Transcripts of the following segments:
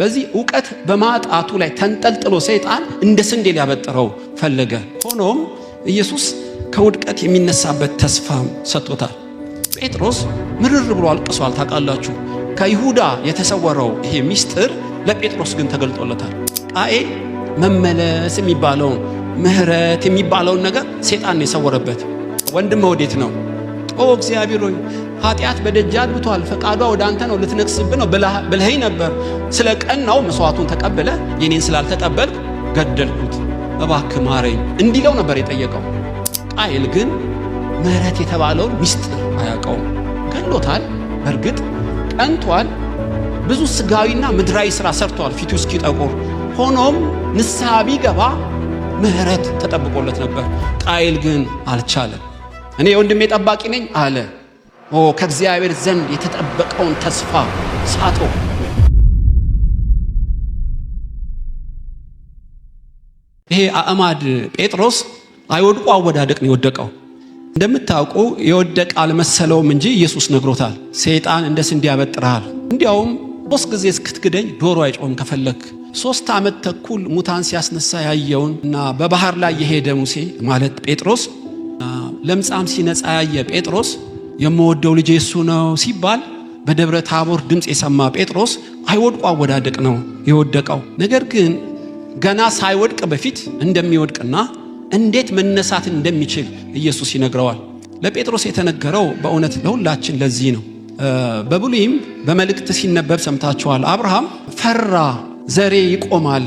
በዚህ እውቀት በማጣቱ ላይ ተንጠልጥሎ ሰይጣን እንደ ስንዴ ሊያበጥረው ፈለገ። ሆኖም ኢየሱስ ከውድቀት የሚነሳበት ተስፋ ሰጥቶታል። ጴጥሮስ ምርር ብሎ አልቅሷል። ታውቃላችሁ፣ ከይሁዳ የተሰወረው ይሄ ሚስጥር ለጴጥሮስ ግን ተገልጦለታል። ቃኤል መመለስ የሚባለውን ምህረት የሚባለውን ነገር ሰይጣን የሰወረበት ወንድም ወዴት ነው? ኦ እግዚአብሔር ሆይ ኃጢአት በደጅ አግብቷል፣ ፈቃዷ ወደ አንተ ነው፣ ልትነግስብህ ነው ብለኸኝ ነበር። ስለ ቀናው መስዋዕቱን ተቀብለ የኔን ስላልተቀበልክ ገደልኩት፣ እባክህ ማረኝ እንዲለው ነበር የጠየቀው። ቃየል ግን ምሕረት የተባለውን ሚስጥር አያውቀውም። ገሎታል፣ በእርግጥ ቀንቷል፣ ብዙ ስጋዊና ምድራዊ ስራ ሰርቷል ፊቱ እስኪጠቁር። ሆኖም ንስሐ ቢገባ ምሕረት ተጠብቆለት ነበር። ቃየል ግን አልቻለም። እኔ የወንድሜ ጠባቂ ነኝ አለ። ኦ ከእግዚአብሔር ዘንድ የተጠበቀውን ተስፋ ሳቶ ይሄ አእማድ ጴጥሮስ አይወድቆ አወዳደቅ ነው የወደቀው። እንደምታውቁ የወደቀ አልመሰለውም እንጂ ኢየሱስ ነግሮታል፣ ሰይጣን እንደ ስንዴ ያበጥርሃል። እንዲያውም ሶስት ጊዜ እስክትግደኝ ዶሮ አይጮም ከፈለክ ሶስት ዓመት ተኩል ሙታን ሲያስነሳ ያየውን እና በባህር ላይ የሄደ ሙሴ ማለት ጴጥሮስ፣ ለምጻም ሲነጻ ያየ ጴጥሮስ የምወደው ልጅ እሱ ነው ሲባል በደብረ ታቦር ድምፅ የሰማ ጴጥሮስ አይወድቁ አወዳደቅ ነው የወደቀው። ነገር ግን ገና ሳይወድቅ በፊት እንደሚወድቅና እንዴት መነሳት እንደሚችል ኢየሱስ ይነግረዋል። ለጴጥሮስ የተነገረው በእውነት ለሁላችን ለዚህ ነው። በብሉይም በመልእክት ሲነበብ ሰምታችኋል። አብርሃም ፈራ፣ ዘሬ ይቆማል፣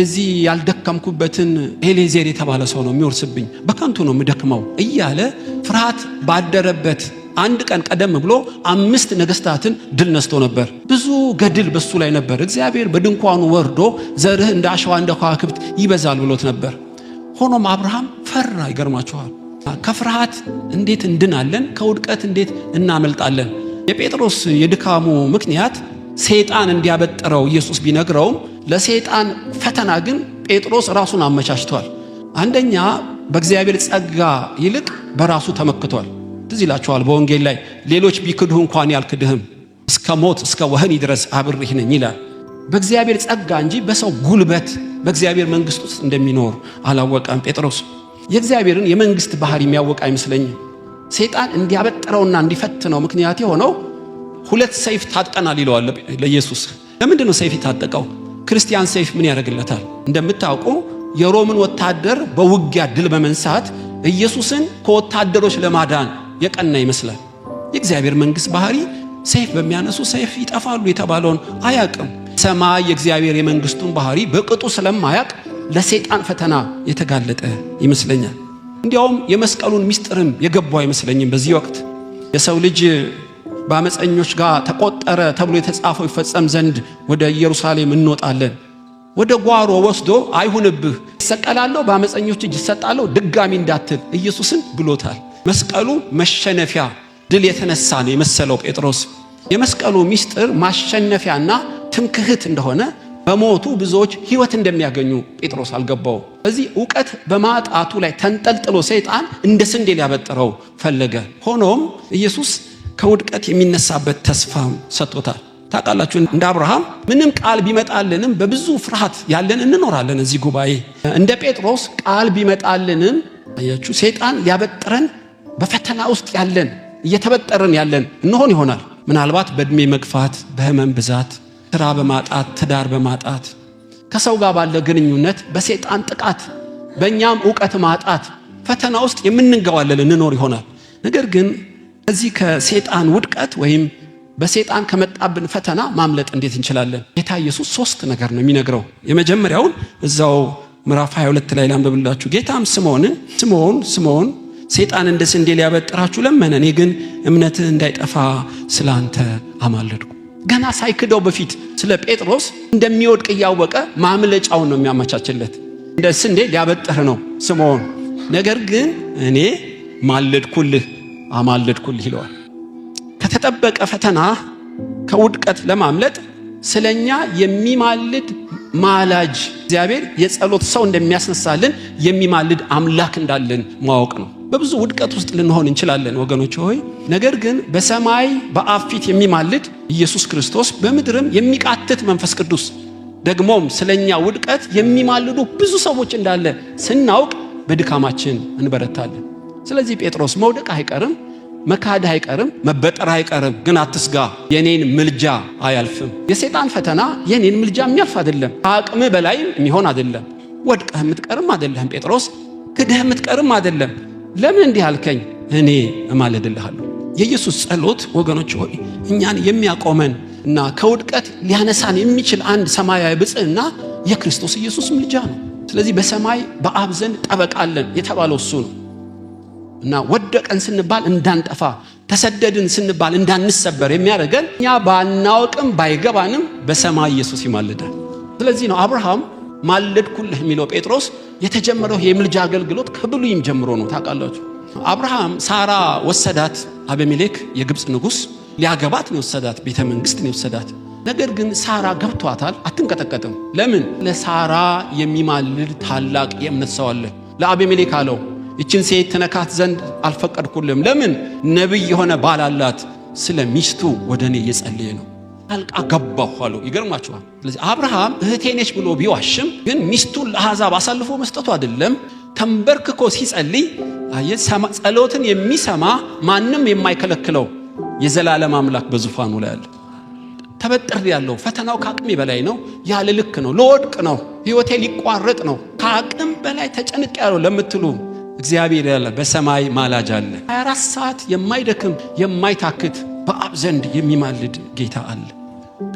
የዚህ ያልደከምኩበትን ኤሌዜር የተባለ ሰው ነው የሚወርስብኝ፣ በከንቱ ነው የምደክመው እያለ ፍርሃት ባደረበት አንድ ቀን ቀደም ብሎ አምስት ነገስታትን ድል ነስቶ ነበር። ብዙ ገድል በሱ ላይ ነበር። እግዚአብሔር በድንኳኑ ወርዶ ዘርህ እንደ አሸዋ እንደ ከዋክብት ይበዛል ብሎት ነበር። ሆኖም አብርሃም ፈራ። ይገርማችኋል። ከፍርሃት እንዴት እንድናለን? ከውድቀት እንዴት እናመልጣለን? የጴጥሮስ የድካሙ ምክንያት ሰይጣን እንዲያበጥረው ኢየሱስ ቢነግረውም ለሰይጣን ፈተና ግን ጴጥሮስ ራሱን አመቻችቷል። አንደኛ በእግዚአብሔር ጸጋ ይልቅ በራሱ ተመክቷል። ትዝ ይላችኋል በወንጌል ላይ ሌሎች ቢክድህ እንኳን ያልክድህም እስከ ሞት እስከ ወህኒ ድረስ አብሬህ ነኝ ይላል። በእግዚአብሔር ጸጋ እንጂ በሰው ጉልበት በእግዚአብሔር መንግስት ውስጥ እንደሚኖር አላወቀም ጴጥሮስ። የእግዚአብሔርን የመንግስት ባህሪ የሚያወቅ አይመስለኝም። ሰይጣን እንዲያበጥረውና እንዲፈትነው ምክንያት የሆነው ሁለት ሰይፍ ታጥቀናል ይለዋል ለኢየሱስ። ለምንድን ነው ሰይፍ የታጠቀው? ክርስቲያን ሰይፍ ምን ያደርግለታል? እንደምታውቁ የሮምን ወታደር በውጊያ ድል በመንሳት ኢየሱስን ከወታደሮች ለማዳን የቀና ይመስላል። የእግዚአብሔር መንግሥት ባህሪ ሰይፍ በሚያነሱ ሰይፍ ይጠፋሉ የተባለውን አያቅም። ሰማይ የእግዚአብሔር የመንግስቱን ባህሪ በቅጡ ስለማያቅ ለሰይጣን ፈተና የተጋለጠ ይመስለኛል። እንዲያውም የመስቀሉን ምስጢርም የገባው አይመስለኝም። በዚህ ወቅት የሰው ልጅ በአመፀኞች ጋር ተቆጠረ ተብሎ የተጻፈው ይፈጸም ዘንድ ወደ ኢየሩሳሌም እንወጣለን። ወደ ጓሮ ወስዶ አይሁንብህ፣ ይሰቀላለሁ፣ በአመፀኞች እጅ ይሰጣለሁ፣ ድጋሚ እንዳትል ኢየሱስን ብሎታል። መስቀሉ መሸነፊያ ድል የተነሳ ነው የመሰለው ጴጥሮስ የመስቀሉ ምስጢር ማሸነፊያና ትምክህት እንደሆነ በሞቱ ብዙዎች ሕይወት እንደሚያገኙ ጴጥሮስ አልገባው። በዚህ እውቀት በማጣቱ ላይ ተንጠልጥሎ ሰይጣን እንደ ስንዴ ሊያበጥረው ፈለገ። ሆኖም ኢየሱስ ከውድቀት የሚነሳበት ተስፋ ሰጥቶታል። ታውቃላችሁ፣ እንደ አብርሃም ምንም ቃል ቢመጣልንም በብዙ ፍርሃት ያለን እንኖራለን። እዚህ ጉባኤ እንደ ጴጥሮስ ቃል ቢመጣልንም አያችሁ፣ ሰይጣን ሊያበጥረን በፈተና ውስጥ ያለን እየተበጠረን ያለን እንሆን ይሆናል። ምናልባት በእድሜ መግፋት፣ በህመም ብዛት፣ ስራ በማጣት ትዳር በማጣት ከሰው ጋር ባለ ግንኙነት፣ በሴጣን ጥቃት፣ በእኛም እውቀት ማጣት ፈተና ውስጥ የምንንገባለል እንኖር ይሆናል። ነገር ግን ከዚህ ከሴጣን ውድቀት ወይም በሴጣን ከመጣብን ፈተና ማምለጥ እንዴት እንችላለን? ጌታ ኢየሱስ ሶስት ነገር ነው የሚነግረው። የመጀመሪያውን እዛው ምዕራፍ 22 ላይ ላንብብላችሁ። ጌታም ስምዖን ስምዖን ስምዖን ሰይጣን እንደ ስንዴ ሊያበጥራችሁ ለመነ። እኔ ግን እምነትህ እንዳይጠፋ ስላንተ አማለድኩ። ገና ሳይክደው በፊት ስለ ጴጥሮስ እንደሚወድቅ እያወቀ ማምለጫውን ነው የሚያመቻችለት። እንደ ስንዴ ሊያበጥር ነው ስምዖን። ነገር ግን እኔ ማለድኩልህ አማለድኩልህ ይለዋል። ከተጠበቀ ፈተና ከውድቀት ለማምለጥ ስለኛ የሚማልድ ማላጅ እግዚአብሔር የጸሎት ሰው እንደሚያስነሳልን የሚማልድ አምላክ እንዳለን ማወቅ ነው። በብዙ ውድቀት ውስጥ ልንሆን እንችላለን ወገኖች ሆይ። ነገር ግን በሰማይ በአብ ፊት የሚማልድ ኢየሱስ ክርስቶስ በምድርም የሚቃትት መንፈስ ቅዱስ ደግሞም ስለኛ ውድቀት የሚማልዱ ብዙ ሰዎች እንዳለ ስናውቅ በድካማችን እንበረታለን። ስለዚህ ጴጥሮስ መውደቅ አይቀርም፣ መካድ አይቀርም፣ መበጠር አይቀርም። ግን አትስጋ፣ የኔን ምልጃ አያልፍም። የሰይጣን ፈተና የኔን ምልጃ የሚያልፍ አይደለም፣ ከአቅም በላይ የሚሆን አይደለም። ወድቀህ የምትቀርም አይደለም ጴጥሮስ፣ ክደህ የምትቀርም አይደለም። ለምን እንዲህ አልከኝ? እኔ እማልድልሃለሁ። የኢየሱስ ጸሎት ወገኖች ሆይ እኛን የሚያቆመን እና ከውድቀት ሊያነሳን የሚችል አንድ ሰማያዊ ብፅዕና የክርስቶስ ኢየሱስ ምልጃ ነው። ስለዚህ በሰማይ በአብ ዘንድ ጠበቃለን የተባለው እሱ ነው እና ወደቀን ስንባል እንዳንጠፋ ተሰደድን ስንባል እንዳንሰበር የሚያደርገን እኛ ባናውቅም ባይገባንም በሰማይ ኢየሱስ ይማልዳል። ስለዚህ ነው አብርሃም ማለድኩልህ የሚለው ጴጥሮስ የተጀመረው የምልጃ አገልግሎት ከብሉይም ጀምሮ ነው። ታውቃላችሁ አብርሃም ሳራ ወሰዳት። አቤሜሌክ የግብፅ ንጉሥ ሊያገባት ነው የወሰዳት፣ ቤተ መንግስት ነው የወሰዳት። ነገር ግን ሳራ ገብቷታል፣ አትንቀጠቀጥም። ለምን? ለሳራ የሚማልድ ታላቅ የእምነት ሰው አለ። ለአቤሜሌክ አለው ይችን ሴት ትነካት ዘንድ አልፈቀድኩልም። ለምን? ነቢይ የሆነ ባል አላት። ስለ ሚስቱ ወደ እኔ እየጸለየ ነው። ጣልቃ ገባሁ አሉ። ይገርማችኋል። ስለዚህ አብርሃም እህቴ ነች ብሎ ቢዋሽም ግን ሚስቱን ለአሕዛብ አሳልፎ መስጠቱ አይደለም። ተንበርክኮ ሲጸልይ ጸሎትን የሚሰማ ማንም የማይከለክለው የዘላለም አምላክ በዙፋኑ ላይ አለ። ተበጥር ያለው ፈተናው ከአቅሜ በላይ ነው፣ ያለ ልክ ነው፣ ለወድቅ ነው፣ ህይወቴ ሊቋረጥ ነው፣ ከአቅም በላይ ተጨንቅ ያለው ለምትሉ እግዚአብሔር ያለ በሰማይ ማላጅ አለ። 24 ሰዓት የማይደክም የማይታክት በአብ ዘንድ የሚማልድ ጌታ አለ።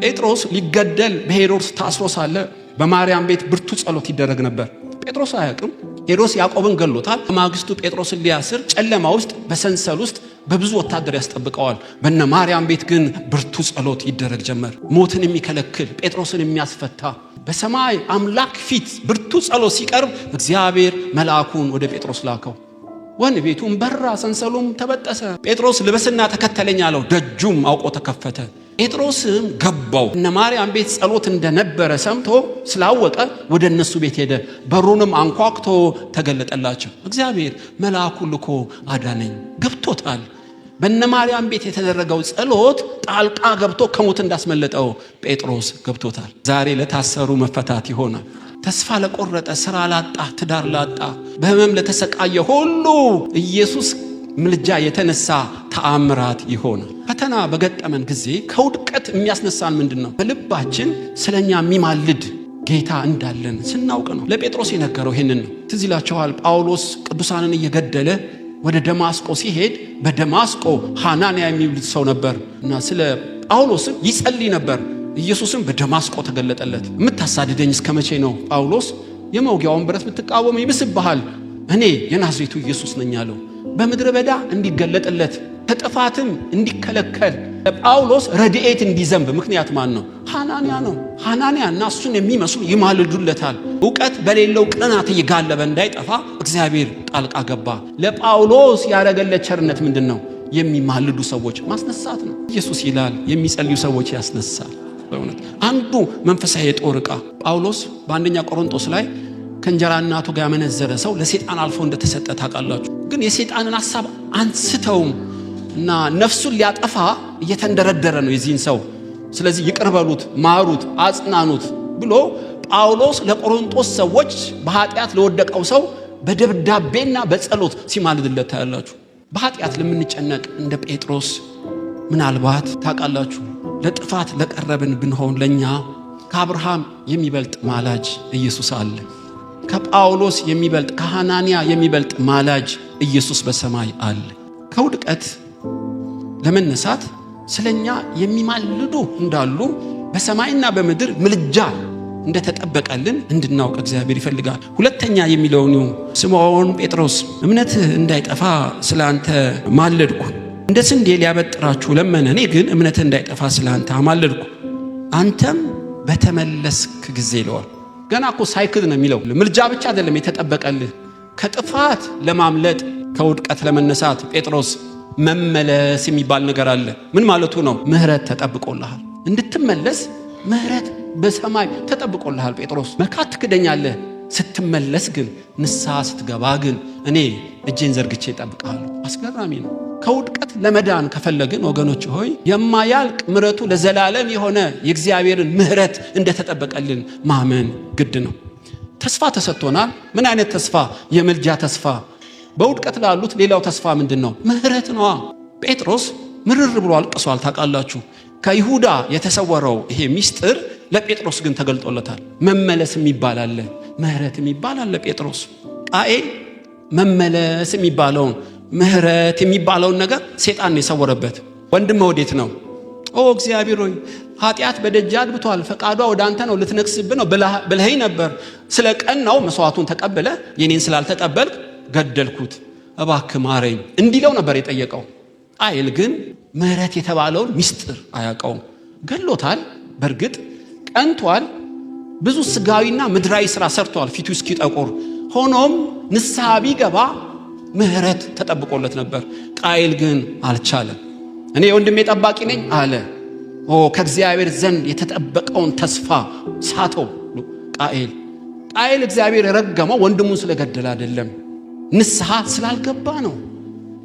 ጴጥሮስ ሊገደል በሄሮድስ ታስሮ ሳለ በማርያም ቤት ብርቱ ጸሎት ይደረግ ነበር። ጴጥሮስ አያውቅም። ሄሮድስ ያዕቆብን ገሎታል። በማግስቱ ጴጥሮስን ሊያስር ጨለማ ውስጥ በሰንሰል ውስጥ በብዙ ወታደር ያስጠብቀዋል። በነ ማርያም ቤት ግን ብርቱ ጸሎት ይደረግ ጀመር። ሞትን የሚከለክል ጴጥሮስን የሚያስፈታ በሰማይ አምላክ ፊት ብርቱ ጸሎት ሲቀርብ እግዚአብሔር መልአኩን ወደ ጴጥሮስ ላከው። ወን ቤቱም በራ፣ ሰንሰሉም ተበጠሰ። ጴጥሮስ ልበስና ተከተለኝ አለው። ደጁም አውቆ ተከፈተ። ጴጥሮስም ገባው። እነ ማርያም ቤት ጸሎት እንደነበረ ሰምቶ ስላወቀ ወደ እነሱ ቤት ሄደ። በሩንም አንኳኩቶ ተገለጠላቸው። እግዚአብሔር መልአኩ ልኮ አዳነኝ ገብቶታል። በእነ ማርያም ቤት የተደረገው ጸሎት ጣልቃ ገብቶ ከሞት እንዳስመለጠው ጴጥሮስ ገብቶታል። ዛሬ ለታሰሩ መፈታት ይሆናል። ተስፋ ለቆረጠ፣ ስራ ላጣ፣ ትዳር ላጣ፣ በህመም ለተሰቃየ ሁሉ ኢየሱስ ምልጃ የተነሳ ተአምራት ይሆናል። ፈተና በገጠመን ጊዜ ከውድቀት የሚያስነሳን ምንድን ነው? በልባችን ስለኛ የሚማልድ ጌታ እንዳለን ስናውቅ ነው። ለጴጥሮስ የነገረው ይህንን ነው። ትዝ ይላችኋል። ጳውሎስ ቅዱሳንን እየገደለ ወደ ደማስቆ ሲሄድ በደማስቆ ሐናንያ የሚብል ሰው ነበር እና ስለ ጳውሎስም ይጸልይ ነበር። ኢየሱስም በደማስቆ ተገለጠለት። የምታሳድደኝ እስከ መቼ ነው? ጳውሎስ የመውጊያውን ብረት ብትቃወም ይብስብሃል፣ እኔ የናዝሬቱ ኢየሱስ ነኝ አለው። በምድረ በዳ እንዲገለጥለት ከጥፋትም እንዲከለከል ጳውሎስ ረድኤት እንዲዘንብ ምክንያት ማን ነው? ሐናንያ ነው። ሐናንያ እና እሱን የሚመስሉ ይማልዱለታል። እውቀት በሌለው ቅናት እየጋለበ እንዳይጠፋ እግዚአብሔር ጣልቃ ገባ። ለጳውሎስ ያደረገለት ቸርነት ምንድን ነው? የሚማልዱ ሰዎች ማስነሳት ነው። ኢየሱስ ይላል የሚጸልዩ ሰዎች ያስነሳል። በእውነት አንዱ መንፈሳዊ የጦር ዕቃ ጳውሎስ በአንደኛ ቆሮንጦስ ላይ ከእንጀራ እናቱ ጋር ያመነዘረ ሰው ለሴጣን አልፎ እንደተሰጠ ታውቃላችሁ። ግን የሴጣንን ሀሳብ አንስተውም እና ነፍሱን ሊያጠፋ እየተንደረደረ ነው የዚህን ሰው። ስለዚህ ይቅርበሉት፣ ማሩት፣ አጽናኑት ብሎ ጳውሎስ ለቆሮንጦስ ሰዎች በኃጢአት ለወደቀው ሰው በደብዳቤና በጸሎት ሲማልድለት ታያላችሁ። በኃጢአት ለምንጨነቅ እንደ ጴጥሮስ ምናልባት ታውቃላችሁ፣ ለጥፋት ለቀረብን ብንሆን ለእኛ ከአብርሃም የሚበልጥ ማላጅ ኢየሱስ አለ። ከጳውሎስ የሚበልጥ ከሐናንያ የሚበልጥ ማላጅ ኢየሱስ በሰማይ አለ። ከውድቀት ለመነሳት ስለኛ የሚማልዱ እንዳሉ በሰማይና በምድር ምልጃ እንደተጠበቀልን እንድናውቅ እግዚአብሔር ይፈልጋል። ሁለተኛ የሚለውን ስምዖን ጴጥሮስ እምነትህ እንዳይጠፋ ስለ አንተ ማለድኩ፣ እንደ ስንዴ ሊያበጥራችሁ ለመነ፣ እኔ ግን እምነትህ እንዳይጠፋ ስለ አንተ ማለድኩ፣ አንተም በተመለስክ ጊዜ ይለዋል። ገና እኮ ሳይክል ነው የሚለው። ምልጃ ብቻ አይደለም የተጠበቀልህ ከጥፋት ለማምለጥ ከውድቀት ለመነሳት ጴጥሮስ መመለስ የሚባል ነገር አለ። ምን ማለቱ ነው? ምህረት ተጠብቆልሃል እንድትመለስ ምህረት በሰማይ ተጠብቆልሃል። ጴጥሮስ መካት ትክደኛለህ፣ ስትመለስ ግን ንስሐ ስትገባ ግን እኔ እጄን ዘርግቼ እጠብቅሃለሁ። አስገራሚ ነው። ከውድቀት ለመዳን ከፈለግን ወገኖች ሆይ የማያልቅ ምረቱ ለዘላለም የሆነ የእግዚአብሔርን ምህረት እንደተጠበቀልን ማመን ግድ ነው። ተስፋ ተሰጥቶናል። ምን አይነት ተስፋ? የምልጃ ተስፋ በውድቀት ላሉት ሌላው ተስፋ ምንድን ነው? ምህረት ነዋ። ጴጥሮስ ምርር ብሎ አልቅሷል። ታውቃላችሁ፣ ከይሁዳ የተሰወረው ይሄ ሚስጥር ለጴጥሮስ ግን ተገልጦለታል። መመለስ የሚባል አለ፣ ምህረት የሚባል አለ። ጴጥሮስ ቃኤ መመለስ የሚባለውን ምህረት የሚባለውን ነገር ሴጣን የሰወረበት ወንድም ወዴት ነው? ኦ እግዚአብሔር ሆይ ኃጢአት በደጅ አግብቷል፣ ፈቃዷ ወደ አንተ ነው፣ ልትነግስብህ ነው ብለኸኝ ነበር። ስለ ቀናው መስዋዕቱን ተቀብለ የኔን ስላልተቀበልክ ገደልኩት፣ እባክ ማረኝ እንዲለው ነበር የጠየቀው። አይል ግን ምህረት የተባለውን ሚስጥር አያውቀውም። ገሎታል፣ በእርግጥ ቀንቷል፣ ብዙ ስጋዊና ምድራዊ ስራ ሰርቷል ፊቱ እስኪጠቁር። ሆኖም ንስሐ ቢገባ ምህረት ተጠብቆለት ነበር። ቃይል ግን አልቻለም። እኔ የወንድሜ ጠባቂ ነኝ አለ። ኦ ከእግዚአብሔር ዘንድ የተጠበቀውን ተስፋ ሳተው ቃኤል። ቃኤል እግዚአብሔር የረገመው ወንድሙን ስለገደለ አይደለም። ንስሐ ስላልገባ ነው።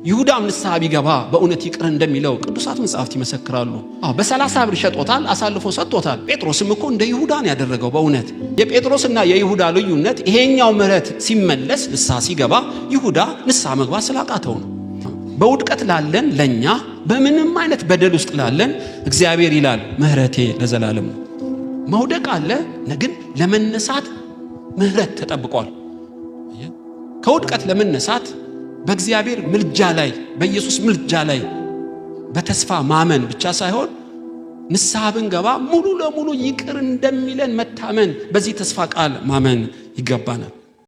ይሁዳም ንስሐ ቢገባ በእውነት ይቅር እንደሚለው ቅዱሳት መጽሐፍት ይመሰክራሉ። አዎ በሰላሳ ብር ሸጦታል፣ አሳልፎ ሰጥቶታል። ጴጥሮስም እኮ እንደ ይሁዳ ነው ያደረገው። በእውነት የጴጥሮስና የይሁዳ ልዩነት ይሄኛው ምሕረት ሲመለስ ንስሐ ሲገባ፣ ይሁዳ ንስሐ መግባት ስላቃተው ነው። በውድቀት ላለን ለእኛ በምንም አይነት በደል ውስጥ ላለን እግዚአብሔር ይላል ምሕረቴ ለዘላለም ነው። መውደቅ አለ ግን ለመነሳት ምሕረት ተጠብቋል። ከውድቀት ለመነሳት በእግዚአብሔር ምልጃ ላይ በኢየሱስ ምልጃ ላይ በተስፋ ማመን ብቻ ሳይሆን ንስሐ ብንገባ ሙሉ ለሙሉ ይቅር እንደሚለን መታመን፣ በዚህ ተስፋ ቃል ማመን ይገባናል።